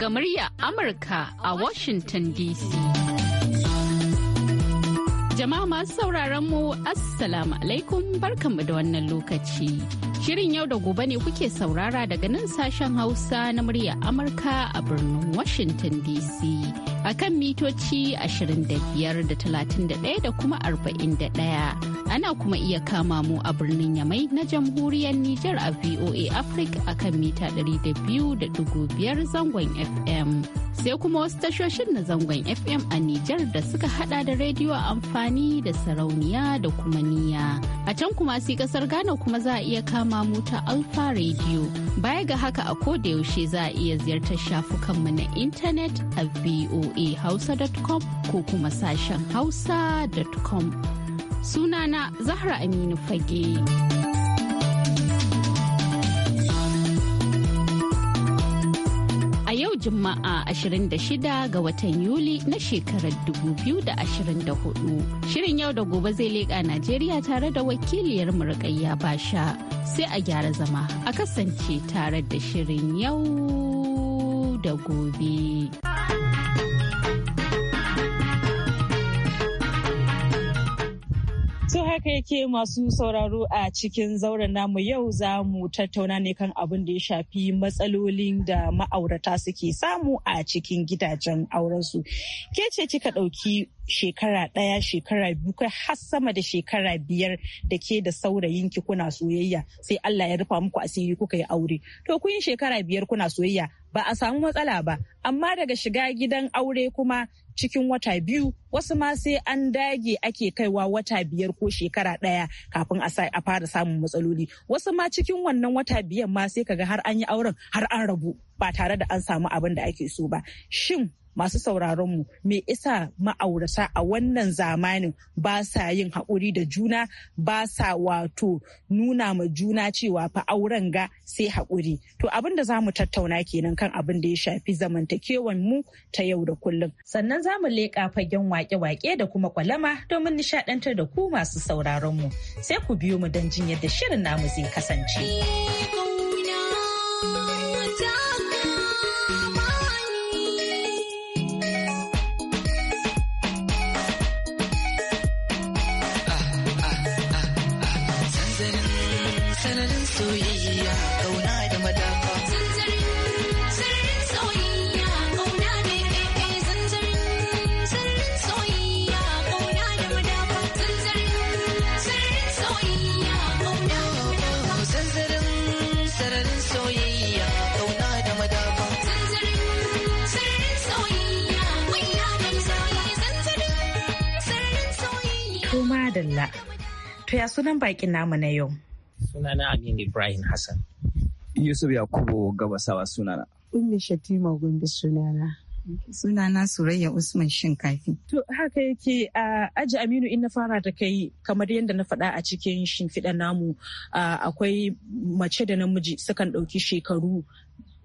daga murya Amurka a Washington DC. Jama'a masu sauraron mu Assalamu alaikum barkanmu da wannan lokaci. Shirin yau da gobe ne kuke saurara daga nan sashen Hausa na murya Amurka a birnin Washington DC. a kan mitoci 25 da da kuma 41. Ana kuma iya kama mu a birnin Yamai na jamhuriyar Nijar a VOA Africa a kan mita 200.5 zangon FM. Sai kuma wasu tashoshin na zangon FM a Nijar da suka hada da rediyo amfani da sarauniya da kuma niya. A can kuma sai kasar Ghana kuma za a iya kama mu ta Alfa rediyo Baya ga haka a koda yaushe za a iya ziyartar shafukanmu na intanet a VOA. voahausa.com ko kuma sashen hausa.com. Sunana Zahra Aminu Fage. A yau Juma'a 26 ga watan Yuli na shekarar 2024. Shirin yau da gobe zai leƙa Najeriya tare da wakiliyar murƙayya Basha. Sai a gyara zama a kasance tare da shirin yau da gobe. haka yake masu sauraro a cikin zauren namu yau za mu tattauna ne kan abin da ya shafi matsalolin da ma'aurata suke samu a cikin gidajen aurensu. Ke ce kika ɗauki shekara ɗaya shekara biyu kai har sama da shekara biyar da ke da saurayin ki kuna soyayya sai Allah ya rufa muku asiri kuka yi aure to kun yi shekara biyar kuna soyayya ba a samu matsala ba amma daga shiga gidan aure kuma cikin wata biyu wasu ma sai an dage ake kaiwa wata biyar ko shekara ɗaya kafin a fara samun matsaloli wasu ma cikin wannan wata biyan ma sai kaga har an yi auren har an rabu ba tare da an samu abin da ake so ba shin masu sauraronmu me isa ma'aurata a wannan zamanin ba sa yin haƙuri da juna ba sa wato nuna ma juna cewa fa auren ga sai haƙuri to abin da zamu tattauna kenan kan abin da ya shafi zamantakewan mu ta yau da kullum sannan za mu leƙa fagen wake-wake da kuma kwalama domin nishaɗantar da ku masu sauraronmu sai ku biyo mu don jin yadda shirin namu zai kasance. ya sunan bakin namu na yau? Sunana Aminu Ibrahim Hassan. Yusuf Yakubu Gabasawa sunana. Umi Shatima Gombe sunana. Sunana Surayya Usman Shinkafi. To haka yake a aji Aminu in na fara da kai kamar yadda na faɗa a cikin shimfiɗa namu akwai mace da namiji sukan ɗauki shekaru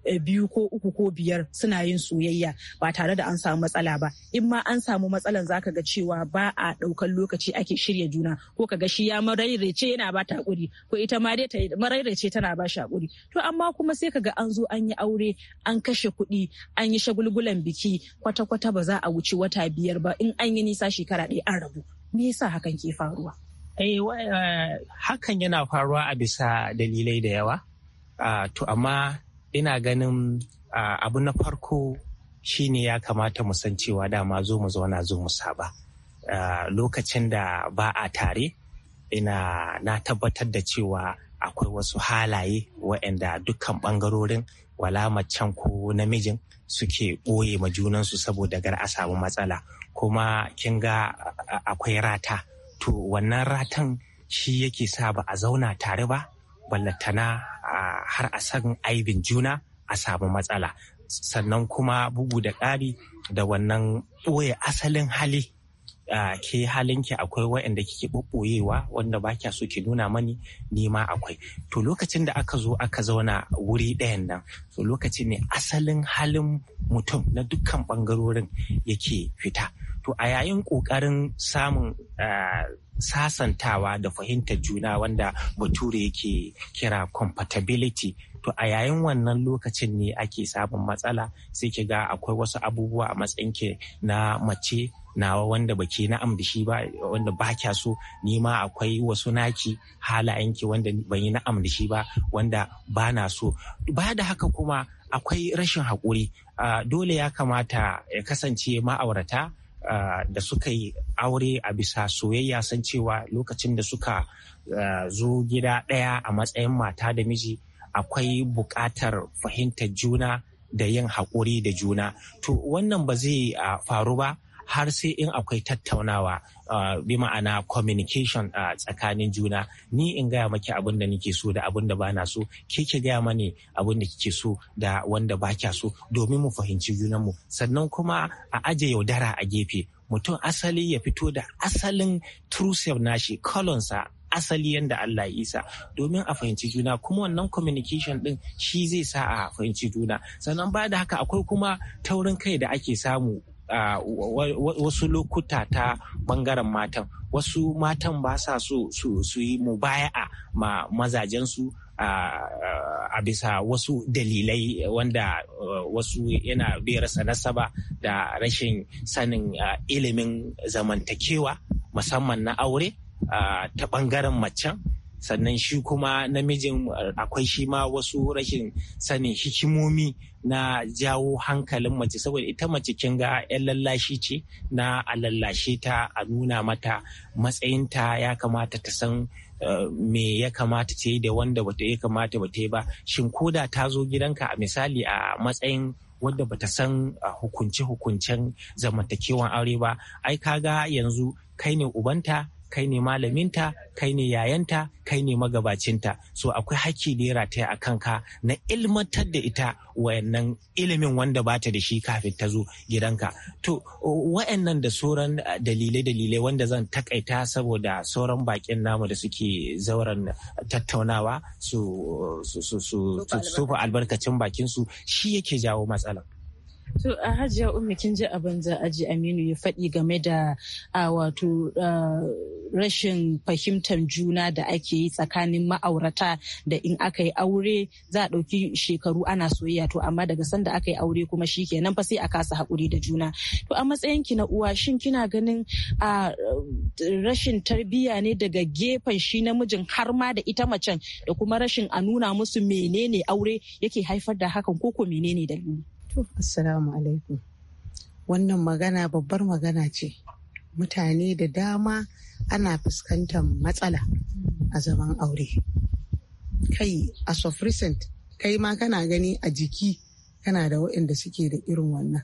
Eh, biyu ko uku ko biyar suna yin soyayya ba tare da an samu matsala ba in ma an samu matsalan zaka ga cewa ba a ɗaukan lokaci ake shirya juna ko ka ga shi ya marairace yana ba ta kuri ko ita ma dai ta marairace tana ba shi hakuri to amma kuma sai ka ga an zo an yi aure an kashe kuɗi an yi shagulgulan biki kwata-kwata ba za a wuce wata biyar ba in an yi nisa shekara ɗaya an rabu me yasa hakan ke faruwa eh, eh hakan yana faruwa a bisa dalilai da yawa ah, to amma ina ganin abu na farko shine ya kamata mu san cewa dama zo mu zauna zo mu saba lokacin da ba a tare ina na tabbatar da cewa akwai wasu halaye waɗanda dukkan ɓangarorin wala macen ko namijin suke ɓoye ma junansu saboda gar a samu matsala kuma kin ga akwai rata to wannan ratan shi yake sa ba a zauna tare ba ballatana har a san aibin juna a samu matsala sannan kuma bugu da ƙari da wannan ɓoye asalin hali Uh, ke halinki akwai waɗanda kike ɓoɓɓoyewa wanda ba kya so ki nuna mani ni ma akwai to lokacin da aka zo aka zauna wuri ɗayan nan to lokacin ne asalin halin mutum na dukkan ɓangarorin yake fita to a yayin ƙoƙarin samun eh, sasantawa da fahimtar juna wanda bature yake kira compatibility to a yayin wannan lokacin ne ake samun matsala sai ki ga akwai wasu abubuwa a matsayin ki na mace nawa wanda baki na amdashi ba wanda ba kya so ni akwai wasu naki halayenki wanda ban yi na amdashi ba wanda ba na so ba da haka kuma akwai rashin haƙuri ah, dole ya kamata ya kasance ma'aurata da suka yi aure a bisa soyayya san cewa lokacin da suka zo gida ɗaya a matsayin mata da miji akwai buƙatar fahimtar juna da yin haƙuri da juna to wannan ba zai faru ba har sai in akwai tattaunawa uh, bi ma'ana communication a uh, tsakanin juna ni in gaya maki abin da nake so da abin da ba na so ke ke gaya mani abin da kike so da wanda ba kya so domin mu fahimci mu. sannan kuma a aje yaudara a gefe mutum asali ya fito da asalin true nashi kolonsa asali yadda Allah isa domin a fahimci juna kuma wannan communication din shi zai sa a fahimci juna sannan ba da haka akwai kuma taurin kai da ake samu wasu lokuta ta bangaren matan wasu matan ba sa so su yi mu baya ma mazajensu a bisa wasu dalilai wanda uh, wasu yana rasa nasaba da rashin sanin uh, ilimin zamantakewa musamman na aure uh, ta bangaren macen sannan shi kuma namijin akwai shi ma wasu rashin sanin hikimomi na jawo hankalin mace saboda ita mace kin ga 'yan lallashi ce na a lallashe ta a nuna mata matsayinta ya kamata ta san eh, me ya kamata ta yi da wanda bata ya kamata bata yi ba shin koda ta zo gidanka a misali a matsayin wanda bata san ah, hukunce-hukuncen zamantakewan aure ba ai kaga yanzu kai ne ubanta kai ne malaminta kai ne yayanta kai ne magabacinta so akwai haƙƙi da ya rataya a kanka na ilmantar da ita wayannan ilimin wanda ba ta da shi kafin ta zo gidanka to wayannan da sauran dalilai-dalilai wanda zan takaita saboda sauran bakin namu da suke zauren tattaunawa su su albarkacin bakinsu, shi yake jawo matsalar To a hajiya ummi kin ji abin da aji Aminu ya faɗi game da wato rashin fahimtar juna da ake yi tsakanin ma'aurata da in aka yi aure za a ɗauki shekaru ana soyayya to amma daga sanda aka yi aure kuma shi ke nan fa sai a kasa haƙuri da juna. To a matsayin ki na uwa shin kina ganin a rashin tarbiyya ne daga gefen shi namijin har ma da ita macen da kuma rashin a nuna musu menene aure yake haifar da hakan ko ko menene dalili? assalamu alaikum wannan magana babbar magana ce mutane da dama ana fuskantar matsala a zaman aure kai a recent kai ma kana gani a jiki kana da waɗanda suke da irin wannan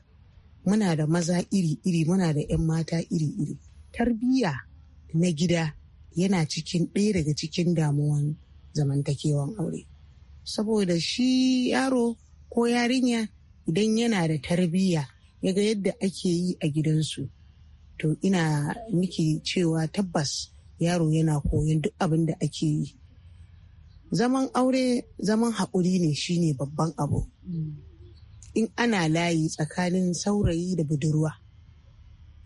muna da maza iri-iri muna da 'yan mata iri-iri tarbiyya na gida yana cikin ɗaya daga cikin damuwan zamantakewan aure saboda shi yaro ko yarinya Idan yana da tarbiyya yaga yadda ake yi a gidansu to ina miki cewa tabbas yaro yana koyon duk abin da ake yi zaman aure zaman haƙuri ne shine babban abu in ana layi tsakanin saurayi da budurwa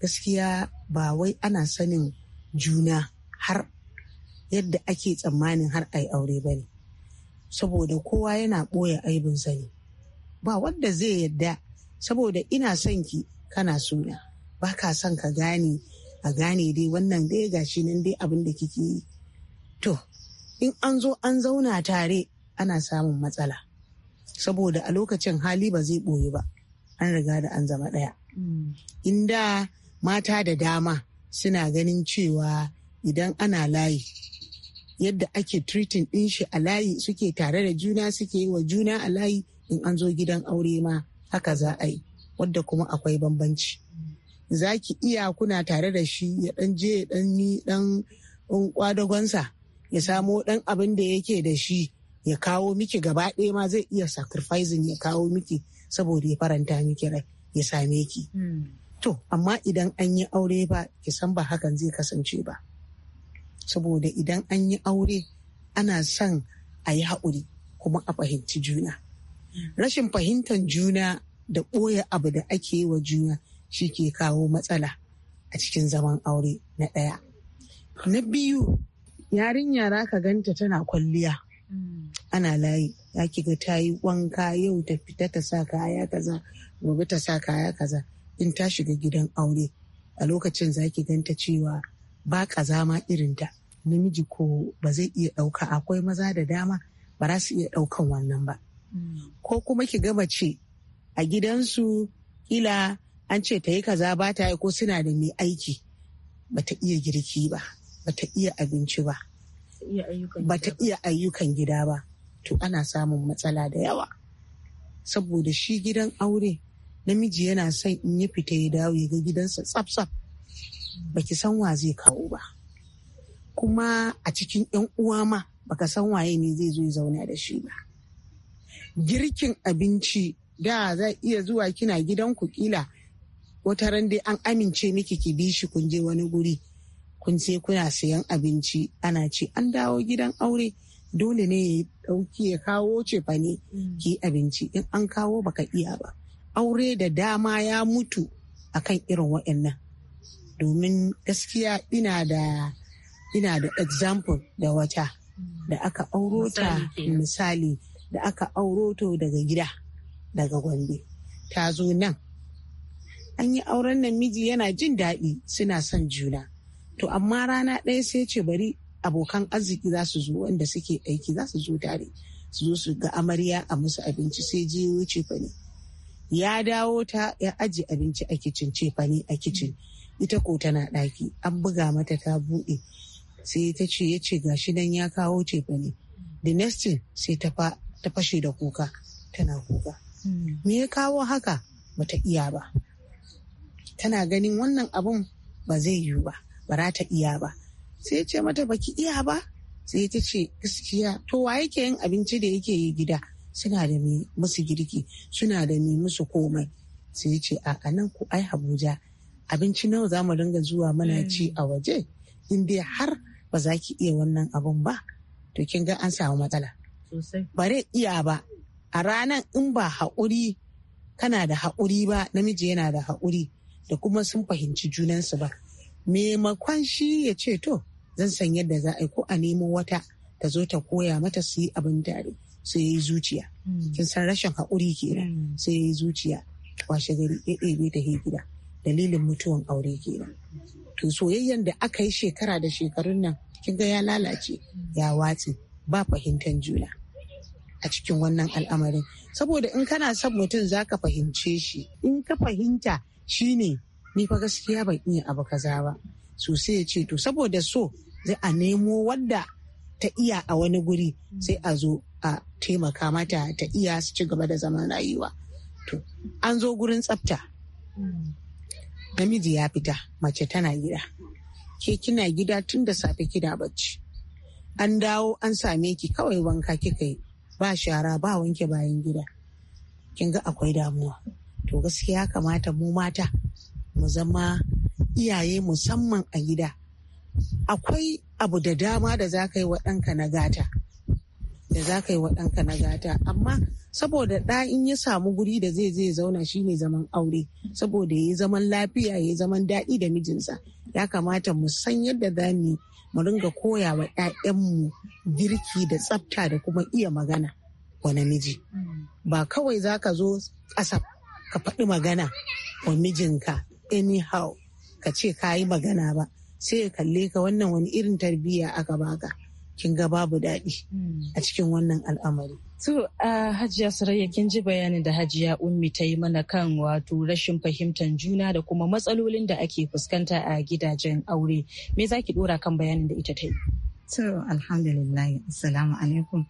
gaskiya ba wai ana sanin juna har yadda ake tsammanin har ai aure ba ne saboda kowa yana ɓoye aibinsa ne ba wanda zai yadda saboda ina son ki kana suna ba ka son ka gane a gane dai wannan dai gashi nan dai abin da kike yi to in an zo an zauna tare ana samun matsala saboda a lokacin hali ba zai ɓoye ba an riga da an zama ɗaya mm. inda mata da dama suna ganin cewa idan ana layi yadda ake treating ɗin shi a layi suke tare da juna suke yi wa juna a layi in an zo gidan aure ma haka za a yi wadda kuma akwai bambanci za ki iya kuna tare da shi ya dan je ya dan ni dan kwadagonsa ya samo dan abin da yake da shi ya kawo miki gaba ɗaya ma zai iya sacrificing ya kawo miki saboda ya faranta miki rai ya same ki hmm. to amma idan an yi aure ba ki san ba hakan zai kasance ba saboda idan an yi aure ana son a yi haƙuri kuma a fahimci juna rashin fahimtar juna da ɓoye abu da ake yi wa juna shi ke kawo matsala a cikin zaman aure na ɗaya. Na biyu yarinya za ka ganta tana kwalliya ana layi ya ki ga ta yi wanka yau ta fita ta sa kaya kaza gobe ta sa kaya kaza in ta shiga gidan aure a lokacin za ki ganta cewa ba kaza ma irin ta, namiji ko ba zai iya ɗauka akwai maza da dama ba za su iya ɗaukan wannan ba. ko kuma ki ga mace a gidansu kila an ce ta yi kaza ba ta yi ko suna da mai aiki bata iya girki ba bata iya abinci ba bata iya ayyukan gida ba to ana samun matsala da yawa saboda shi gidan aure namiji yana son in ya fita ya dawo ya ga gidansa tsaf-tsaf ki san wa zai kawo ba kuma a cikin 'yan uwa ma baka san waye ne zai zo ya zauna da shi ba girkin abinci da za iya zuwa kina gidanku kila wata ran dai an amince miki ki bi shi kun je wani guri kun sai kuna sayan abinci ana ce an dawo gidan aure dole ne ya dauki ya kawo cefane mm. ki abinci in an kawo baka iya ba aure da dama ya mutu akan irin waɗannan domin gaskiya ina da ina da example da wata mm. da aka auro misali da aka auro to daga gida daga gombe ta zo nan an yi auren nan miji yana jin daɗi suna son juna to amma rana ɗaya sai ce bari abokan arziki za su zo wanda suke aiki za su zo tare su zo su ga amarya a musu abinci sai je wuce ya dawo ta ya aji abinci a kicin ce a kicin ita ko tana ɗaki an buga mata ta buɗe sai ta ce ya ce gashi nan ya kawo ce fane the next thing sai ta fa ta fashe da kuka tana kuka hmm. me ya kawo haka bata iya ba tana ganin wannan abun ba zai yiwu ba ba za ta iya ba sai ce mata baki iya ba sai ta ce gaskiya to wa yake yin abinci da yake yi gida suna da mi musu girki suna da mi musu komai sai ce a nan ku ai Habuja. abinci nawa za mu dinga zuwa mana hmm. ci a waje in dai har ba za ki iya wannan abun ba to kin ga an samu matsala bare iya ba a ranar in ba haƙuri kana da haƙuri ba namiji yana da haƙuri da kuma sun fahimci junansu ba maimakon shi ya ce to zan san yadda za a yi ko a nemo wata ta zo ta koya mata su yi abin tare sai yi zuciya hmm. kin san rashin haƙuri kenan hmm. sai ya yi zuciya washe gari ya ɗebe ta gida dalilin mutuwan aure kenan to soyayyen da aka yi shekara da shekarun nan kin ga ya lalace ya watse ba fahimtar juna a cikin wannan al'amarin saboda in kana son mutum za ka fahimce shi in ka fahimta shine ni fa gaskiya ban iya abu kaza ba so sai ya ce to saboda so zai a nemo wanda ta iya a wani guri sai a zo a taimaka mata ta iya su ci gaba da zaman rayuwa to an zo gurin tsafta namiji ya fita mace tana gida ke kina gida tun da safe kina bacci an dawo an same ki kawai wanka kika yi ba shara ba wanke bayan gida kin ga akwai damuwa to gaskiya kamata mu mata mu zama iyaye musamman a gida akwai abu da dama da za ka yi wa ɗanka na gata da za ka yi wa ɗanka na gata amma saboda ɗa in ya samu guri da zai zai zauna shi ne zaman aure saboda ya yi zaman lafiya ya yi zaman daɗi da mijinsa ya kamata mu san yadda za mu mu ringa koya wa 'ya'yanmu girki da tsafta da kuma iya magana wa namiji ba kawai za ka zo ƙasa ka faɗi magana wa mijinka anyhow ka ce ka yi magana ba sai ya kalle ka wannan wani irin tarbiyya aka baka kin ga babu daɗi hmm. a cikin wannan al'amari To a hajiya sarayya kin ji bayanin da hajiya ummi ta yi mana kan wato rashin fahimtar juna da kuma matsalolin da ake fuskanta a gidajen aure. Me za ki dora kan bayanin da ita ta yi? To alhamdulillah assalamu alaikum.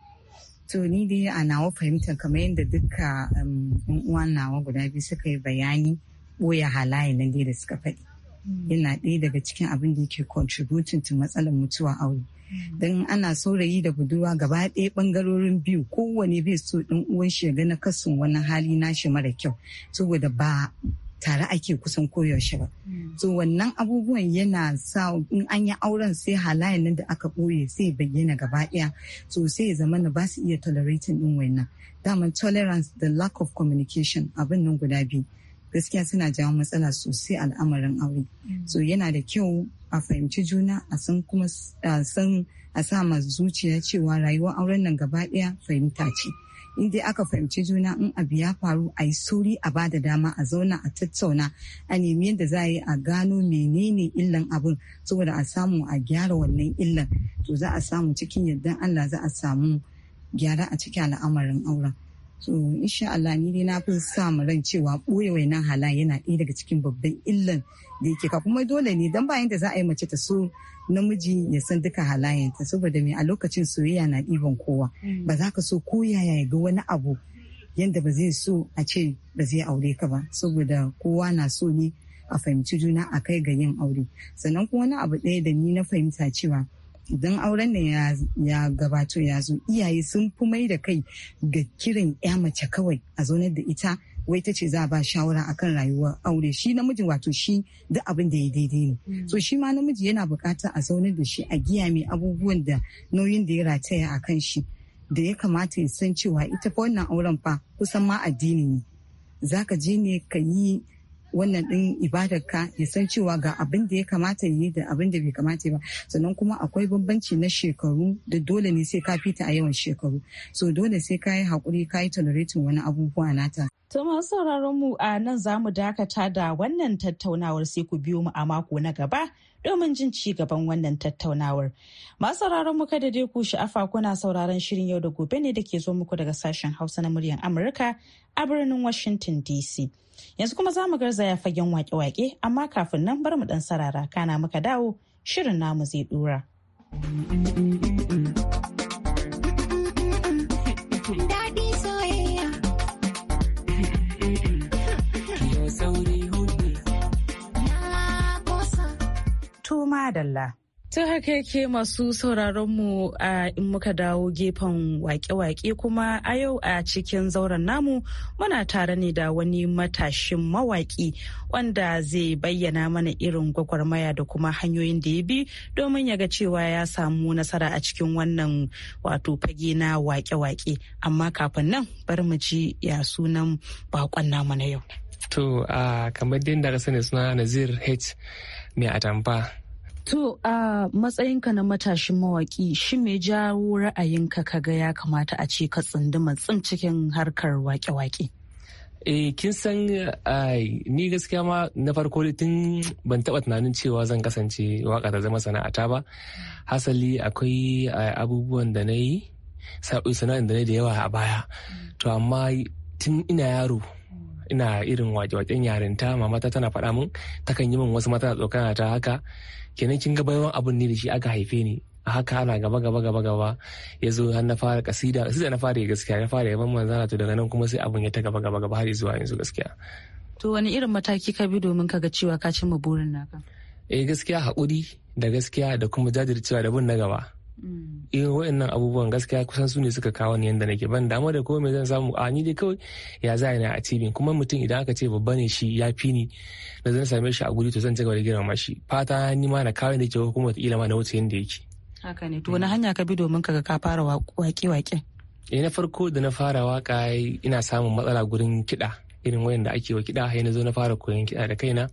To ni dai a nawa fahimtar kamar yadda duka um, uwa nawa guda biyu suka yi bayani boye halaye na dai da suka faɗi. Mm. Yana ɗaya daga cikin abin da yake contributing to matsalar mutuwa aure. Mm. don ana saurayi da budurwa gaba ɗaya ɓangarorin biyu kowane bai so ɗin uwan shi ga na kasan wani hali nashi mara kyau saboda ba tare ake kusan koyaushe ba. Mm. So wannan abubuwan yana sa in an yi auren sai halayen nan da aka ɓoye sai bayyana gaba ɗaya so sai zama na ba su iya tolerating ɗin wannan. Daman tolerance da lack of communication abin nan guda biyu. gaskiya suna jawo matsala sosai al'amarin aure mm. so yana da kyau a fahimci juna a san kuma a san a sa ma zuciya cewa rayuwar auren nan gaba ɗaya fahimta ce in dai aka fahimci juna in abu ya faru a yi sauri a ba da dama a zauna a tattauna a nemi yadda za a yi a gano menene illan abin saboda a samu a gyara wannan illan to za a samu cikin yadda Allah za a samu gyara a cikin al'amarin auren so insha Allah ni dai na fi sa mu ran cewa ɓoye wainan halan yana ɗaya daga cikin babban illan da yake ka kuma dole ne dan bayan da za a yi mace ta so namiji ya san duka halayenta saboda me a lokacin soyayya na ɗiban kowa ba za ka so ko yaya ya ga wani abu yanda ba zai so a ce ba zai aure ka ba saboda kowa na so ne a fahimci juna a kai ga yin aure sannan kuma wani abu ɗaya da ni na fahimta cewa idan auren ne ya gabato ya zo iyaye sun fi mai da kai ga kiran ya mace kawai a zaunar da ita wai ta ce za a ba shawara akan rayuwar aure shi namiji wato shi da abin da ya daidai ne mm. so shi ma namiji yana bukatar a zaunar da shi a giya mai abubuwan da nauyin da ya rataya a kan shi da ya kamata ya san cewa ita fa wannan auren fa kusan ma addini ne Za ka je ne ka yi wannan din ibadar ka ya san cewa ga abin da ya kamata yi da abin da bai kamata ba sannan kuma akwai bambanci na shekaru da dole ne sai ka fita a yawan shekaru so dole sai ka yi hakuri ka yi tolerating wani abubuwa nata To ma sauraron mu a nan za mu dakata da wannan tattaunawar sai ku biyo mu a mako na gaba domin jin ci gaban wannan tattaunawar. Masu sauraron muka da dai ku sha'afa kuna sauraron shirin yau da gobe ne da ke zo muku daga sashen Hausa na muryar Amurka a birnin Washington DC. Yanzu kuma za mu garzaya fagen wake-wake amma kafin nan bar mu dan sarara kana muka dawo shirin namu zai dura. madalla. ta haka yake masu sauraronmu a in muka dawo gefen waƙe-waƙe kuma a yau a cikin zauren namu muna tare ne da wani matashin mawaƙi wanda zai bayyana mana irin gwagwarmaya da kuma hanyoyin da ya bi domin ya ga cewa ya samu nasara a cikin wannan wato fage na waƙe-waƙe amma kafin nan bar mu ji ya sunan bakon namu na yau. To, kamar suna Nazir H. mai atamfa To a matsayinka na matashin mawaki shi mai jawo ra'ayinka ka ga ya kamata a ce ka tsunduma tsin cikin harkar waƙe wake Eh kin san ni gaskiya ma na farko tun ban taɓa tunanin cewa zan kasance waka ta zama sana'ata ba. Hasali akwai abubuwan da na yi sana'a da na da yawa a baya. To amma tun ina yaro ina irin wake-waken yarinta mamata tana faɗa min takan yi min wasu mata tsokana ta haka kenan kin ga bayan abun ne da shi aka haife ni a haka ana gaba gaba gaba gaba ya zo har na fara kasida kasida na fara yi gaskiya na fara yaban manzana to daga nan kuma sai abun ya ta gaba gaba gaba har zuwa yanzu gaskiya to wani irin mataki ka bi domin ka ga cewa ka cimma burin naka eh gaskiya hakuri da gaskiya da kuma jajircewa da bin na gaba irin mm. eh, abubuwan gaskiya kusan su ne suka kawo ni yadda nake ban damar da komai zan samu a ni dai kawai ya za a cibin kuma mutum idan aka ce babba ne shi ya fi ni da zan same shi a guri to zan ci gaba da girmama shi fata ni ma na kawo da ke kuma ta ilama na wuce yadda yake. haka ne to mm. wani hanya ka bi domin kaga ka fara waƙe waƙe eh na farko da na fara waƙa ina samun matsala gurin kiɗa irin wayanda ake wa kiɗa na zo na fara koyon kiɗa da kaina.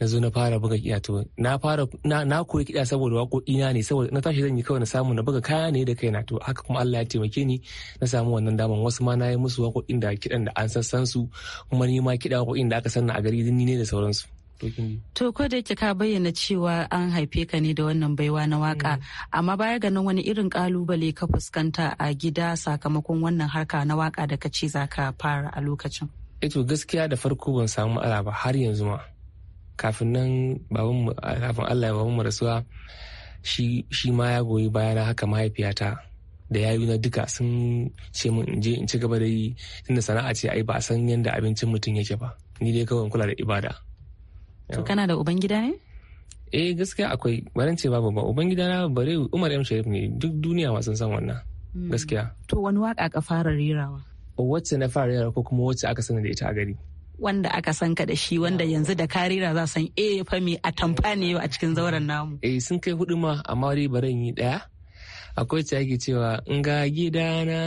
na zo na fara buga kiɗa to na fara na koyi kiɗa saboda waƙoƙi na ne saboda na tashi zan yi kawai na samu na buga kaya ne da kaina to haka kuma Allah ya taimake ni na samu wannan daman wasu ma na yi musu waƙoƙin da kiɗan da an san su kuma ni ma kiɗa waƙoƙin da aka san a gari ni ne da sauransu. To ko da yake ka bayyana cewa an haife ka ne da wannan baiwa na waka mm. amma baya ga nan wani irin kalubale ka fuskanta a gida sakamakon wannan harka na waka da ka ce za ka fara a lokacin. Eto eh gaskiya da farko ban samu ala ba har yanzu ma. kafin nan babanmu kafin Allah ya babanmu rasuwa shi ma ya goyi na haka mahaifiyata da yayu na duka sun ce mun in je in ci gaba da yi tunda sana'a ce ai ba a san yadda abincin mutum yake ba ni dai kawai kula da ibada to kana da uban gida ne eh gaskiya akwai barin ce babu ba uban gida na bare Umar M Sharif ne duk duniya ma sun san wannan hmm. gaskiya to wani waka ka fara rerawa wacce na fara rerawa ko kuma wacce aka sani da ita a gari wanda aka san ka da shi wanda yanzu da karira za san eh fa me a tamfa ne a cikin zauren namu eh sun kai hudu ma amma dai baran yi daya akwai ta yake cewa in ga gidana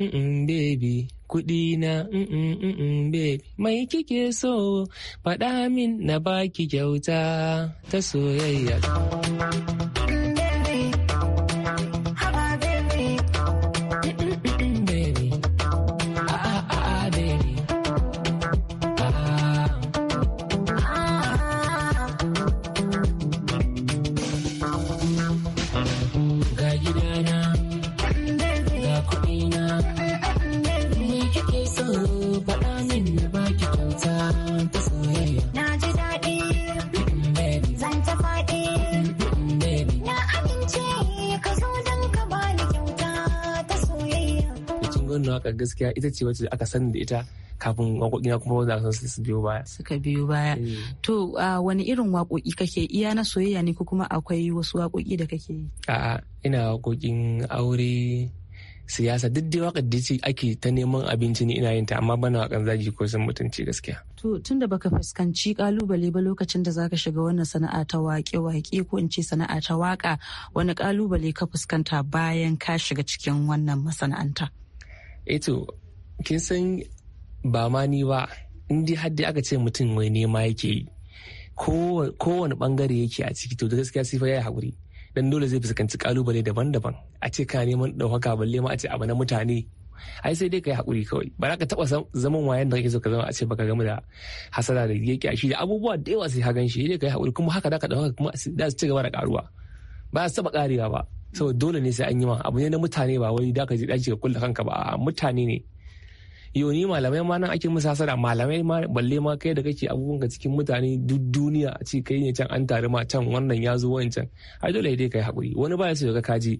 mm baby kudi na mm baby mai kike so faɗa min na baki kyauta ta soyayya waƙar gaskiya ita ce wacce aka sani da ita kafin waƙoƙi na kuma wanda su biyo baya. Suka biyo baya. Eh. To wani irin waƙoƙi kake iya na soyayya ne ko kuma akwai wasu waƙoƙi da kake yi? A'a ina waƙoƙin aure siyasa duk dai waƙar da ake ta neman abinci ne ina yin ta amma bana waƙar zagi ko sun mutunci gaskiya. To tun da baka fuskanci kalubale ba lokacin da zaka shiga wannan sana'a ta waƙe waƙe ko in ce sana'a ta waƙa wani kalubale ka fuskanta bayan ka shiga cikin wannan masana'anta. eto eh kin san ba ma ni ba in dai haddi aka ce mutum mai nema yake yi kowane bangare yake a ciki to da gaskiya sifa ya yi haƙuri dan dole zai fuskanci kalubale daban-daban a ce ka neman ɗaukaka balle ma a ce abu na mutane ai sai dai ka yi haƙuri kawai ba za ka taɓa zaman wayan da kake so ka zama a ce baka gamu da hasara da ya shi da abubuwa da yawa sai ka gan shi dai ka yi haƙuri kuma haka da ka ɗaukaka kuma za su ci gaba da ƙaruwa ba su taɓa ƙarewa ba saboda dole ne sai an yi ma abu ne na mutane ba wai da ka je daji ka kulle kanka ba mutane ne yoni malamai ma nan ake musu hasara malamai ma balle ma kai da kake abubuwan ka cikin mutane duk duniya a ce kai ne can an tare ma can wannan ya zo wancan ai dole dai kai hakuri wani ba ya sauka ga kaji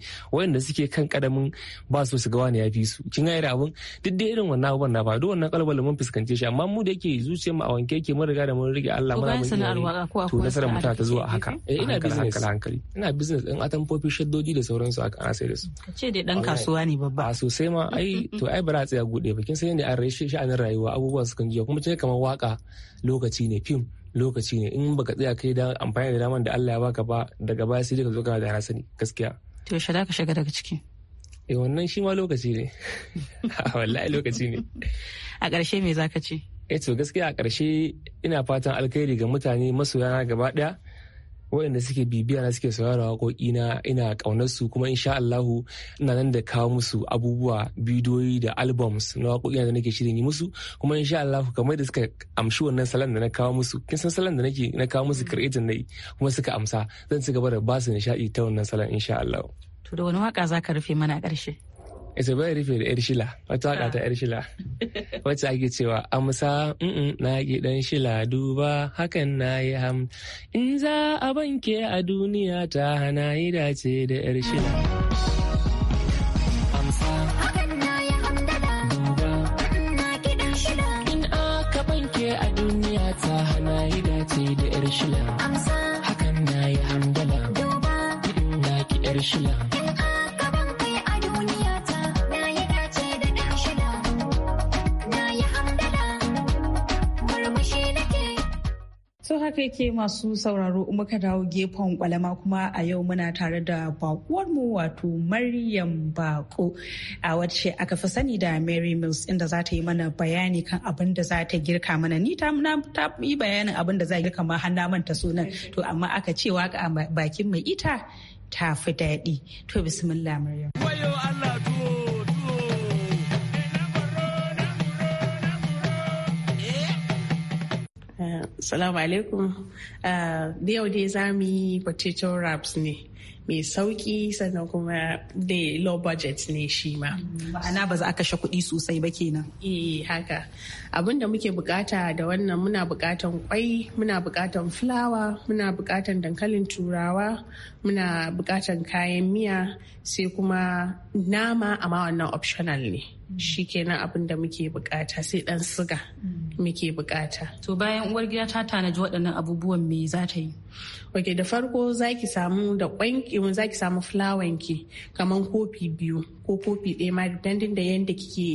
da suke kan kadamin ba su su ga wani ya fi su kin ga irin abun duk dai irin wannan abun na ba duk wannan kalbalin mun fuskance shi amma mu da yake zuciyar mu a wanke yake mun riga da mun rike Allah mun yi to nasarar mu ta zuwa haka eh ina business hankali ina business din atamfofi shaddodi da sauransu aka ana sai da su ce dai dan kasuwa ne babba a sosai ma ai to ai ba za a tsaya gude ba kin san a nan rayuwa abubuwa sukan jiya kuma tunai kamar waka lokaci ne fim lokaci ne in baka tsaya kai da amfani da daman da Allah ya baka ba daga baya sai ka zo kana da rasani gaskiya to yaushe za ka shiga daga ciki eh wannan shi ma lokaci ne ah, wallahi lokaci ne a ƙarshe me zaka ce eh to gaskiya a ƙarshe ina fatan alkhairi ga mutane masoyana gaba daya. waɗanda suke bibiya na suke saurara waƙoƙi na ina ƙaunar su kuma insha Allahu ina nan da kawo musu abubuwa bidiyoyi da albums na waƙoƙi da nake shirin yi musu kuma insha Allahu kamar da suka amshi wannan salon da na kawo musu kin san salon da nake na kawo musu mm. creator na kuma suka amsa zan ci gaba da ba su nishaɗi ta wannan salon insha Allahu to da wani waka zaka rufe mana ƙarshe ita bai rufe da yar shila wata waka ta yar shila ah. wacce ake cewa amsa na yi dan shila duba hakan na yi ham in za a banke a duniya ta hana yi dace da yar shila ta hana yi yar shila haka yake masu sauraro muka dawo gefen kwalama kuma a yau muna tare da bakuwarmu wato Maryam Bako a wacce aka fi sani da Mary Mills inda za ta yi mana bayani kan abin da za ta girka mana ni ta yi bayanin abin da za girka ma har manta sunan to amma aka ce waka bakin mai ita ta fi daɗi to bismillah Maryam. Salamu alaikum. Ah, da yau dai za mu yi potato wraps ne. mai sauki sannan kuma da low budget ne shi ma. Ma'ana ba za a kashe kuɗi sosai ba kenan. Eh haka. abin da muke bukata da wannan muna bukatan kwai muna bukatan fulawa muna bukatan dankalin turawa muna bukatan kayan miya sai kuma nama amma wannan optional ne mm. shi kenan abin da muke bukata sai dan siga mm. muke bukata to bayan uwar gida ta tanaji waɗannan abubuwan me za ta yi ok da farko za ki samu da kwanki za ki samu fulawanki kamar kofi biyu ko kofi ɗaya ma dandin da yadda kike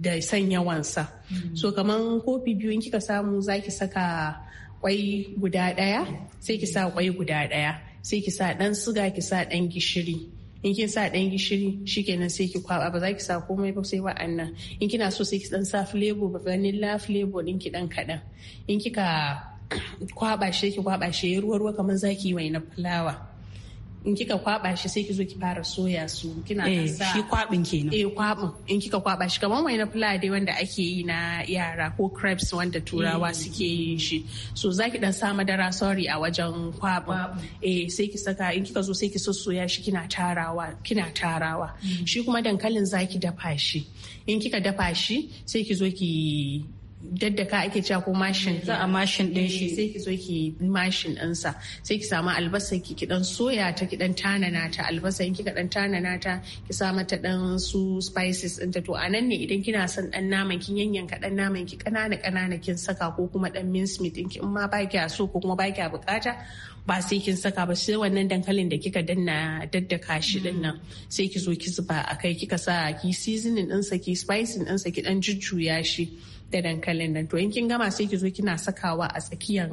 da son yawansa mm. so kamar kofi biyu in kika samu za ki saka kwai guda ɗaya sai ki sa kwai guda ɗaya sai ki sa ɗan suga ki sa ɗan gishiri in kin sa ɗan gishiri shikenan sai ki kwaba ba za ki sa komai ba sai wa'annan in kina so sai ki dan sa flavor ba vanilla flavor din ki dan kaɗan in kika kwaba shi ki kwaba shi ruwa ruwa kamar zaki mai na fulawa in kika kwaba shi sai ki zo ki fara soya su kina eh, sa shi kwabin kenan eh kwabin in kika kwaba shi kamar wani fula dai wanda ake yi na yara ko crepes wanda turawa eh. suke yin shi so zaki dan sa madara sorry a wajen kwabin eh sai ki saka in kika zo sai ki soya shi kina tarawa kina tarawa mm. shi kuma dankalin zaki dafa shi in kika dafa shi sai ki zo ki daddaka ake cewa ko mashin za a mashin din shi eh, sai ki zo ki mashin ɗinsa sai ki samu albasa ki ki dan soya ta ki dan tanana ta albasa in kika dan tanana ta ki sa mata dan su spices din ta to anan ne idan kina son dan naman kin yanyanka dan naman ki kanana kanana kin saka ko kuma dan mince din ki in ma ba a so ko kuma ba a bukata ba sai kin saka ba sai wannan dankalin da kika danna daddaka shi din nan mm. sai ki zo ki zuba akai kika sa ki seasoning sa ki spicing sa ki dan jujjuya shi da dankalin nan to in kin gama sai ki zo kina sakawa a tsakiyan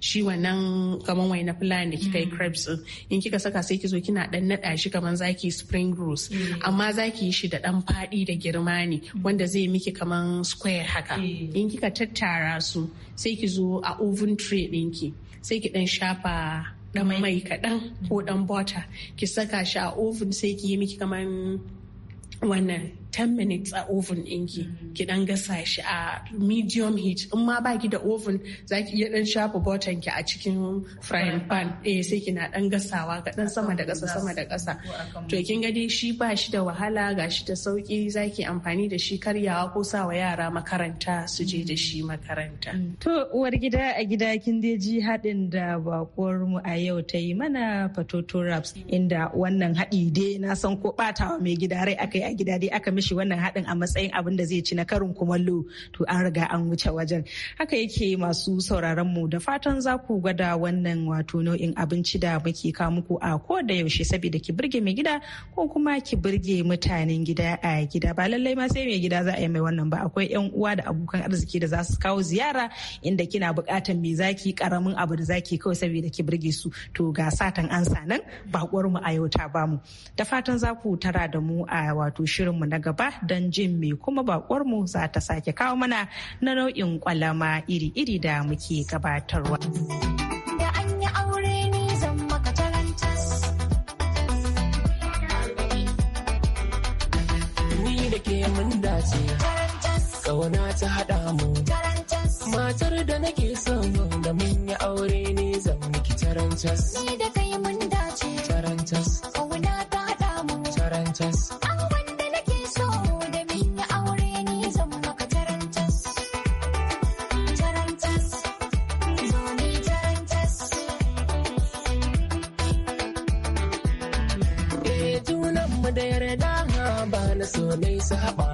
shi wannan kaman wai na fulani da kika yi mm. crepes in kika saka sai ki zo kina dan nada shi kaman zaki spring rolls mm. amma zaki yi shi da dan fadi da girma ne mm. wanda zai miki kaman square haka in kika tattara su sai ki zo a oven tray ki sai ki dan shafa dan mai kaɗan ko dan butter ki saka shi a oven sai ki yi miki kaman wannan 10 minutes a oven inki ki dan gasa shi a medium heat in ma ba ki da oven za ki iya dan shafa button ki a cikin frying pan eh sai ki na dan gasawa ga dan sama da kasa sama da ƙasa to kin ga dai shi ba shi da wahala ga shi da sauki za ki amfani da shi karyawa ko sawa yara makaranta su je da shi makaranta to uwar gida a gida kin dai ji haɗin da bakuwar mu a yau ta yi mana potato wraps inda wannan hadi dai na san ko ɓatawa mai gida rai aka a gida dai aka mishi shi wannan haɗin a matsayin abin da zai ci na karin kumallo to an riga an wuce wajen haka yake masu sauraron mu da fatan za ku gwada wannan wato nau'in abinci da muke kawo muku a ko da yaushe saboda ki burge mai gida ko kuma ki burge mutanen gida a gida ba lallai ma sai mai gida za a yi mai wannan ba akwai yan uwa da abokan arziki da za su kawo ziyara inda kina buƙatar me zaki karamin abu da zaki kawai saboda ki burge su to ga satan an sanan bakuwar mu a yau ta bamu da fatan za ku tara da mu a wato shirin mu na gaba gaba don jin me kuma mu za ta sake kawo mana na nau'in kwalama iri-iri da muke gabatarwa. mun dace. Kawana ta haɗa mu. Matar da nake son da mun yi aure ne zan miki tarantas. Ni da kai mun dace. Tarantas. da yarda ba na so ne saba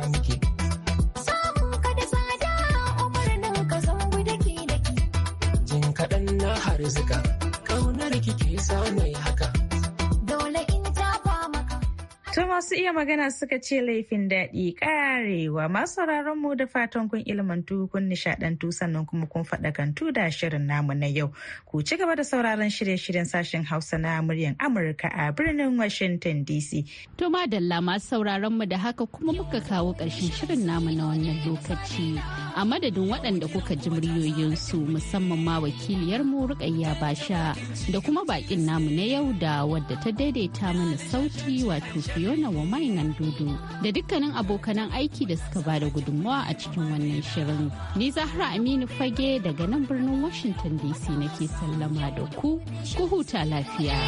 iya magana suka ce laifin daɗi karewa masu mu da fatan kun ilmantu kun nishadantu sannan kuma kun faɗakantu da shirin namu na yau ku ci gaba da sauraron shirye-shiryen sashen hausa na muryan amurka a birnin washington dc to madalla masu sauraron mu da haka kuma muka kawo ƙarshen shirin namu na wannan lokaci a madadin waɗanda kuka ji muryoyinsu musamman ma wakiliyar mu rukayya basha da kuma baƙin namu na yau da wadda ta daidaita mana sauti wato fiona mainan dudu da dukkanin abokanan aiki da suka bada gudunmawa a cikin wannan shirin. Ni Zahra Aminu Fage daga nan birnin Washington DC nake sallama da ku, ku huta lafiya.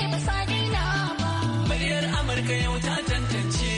Muryar Amurka yau ta tantance.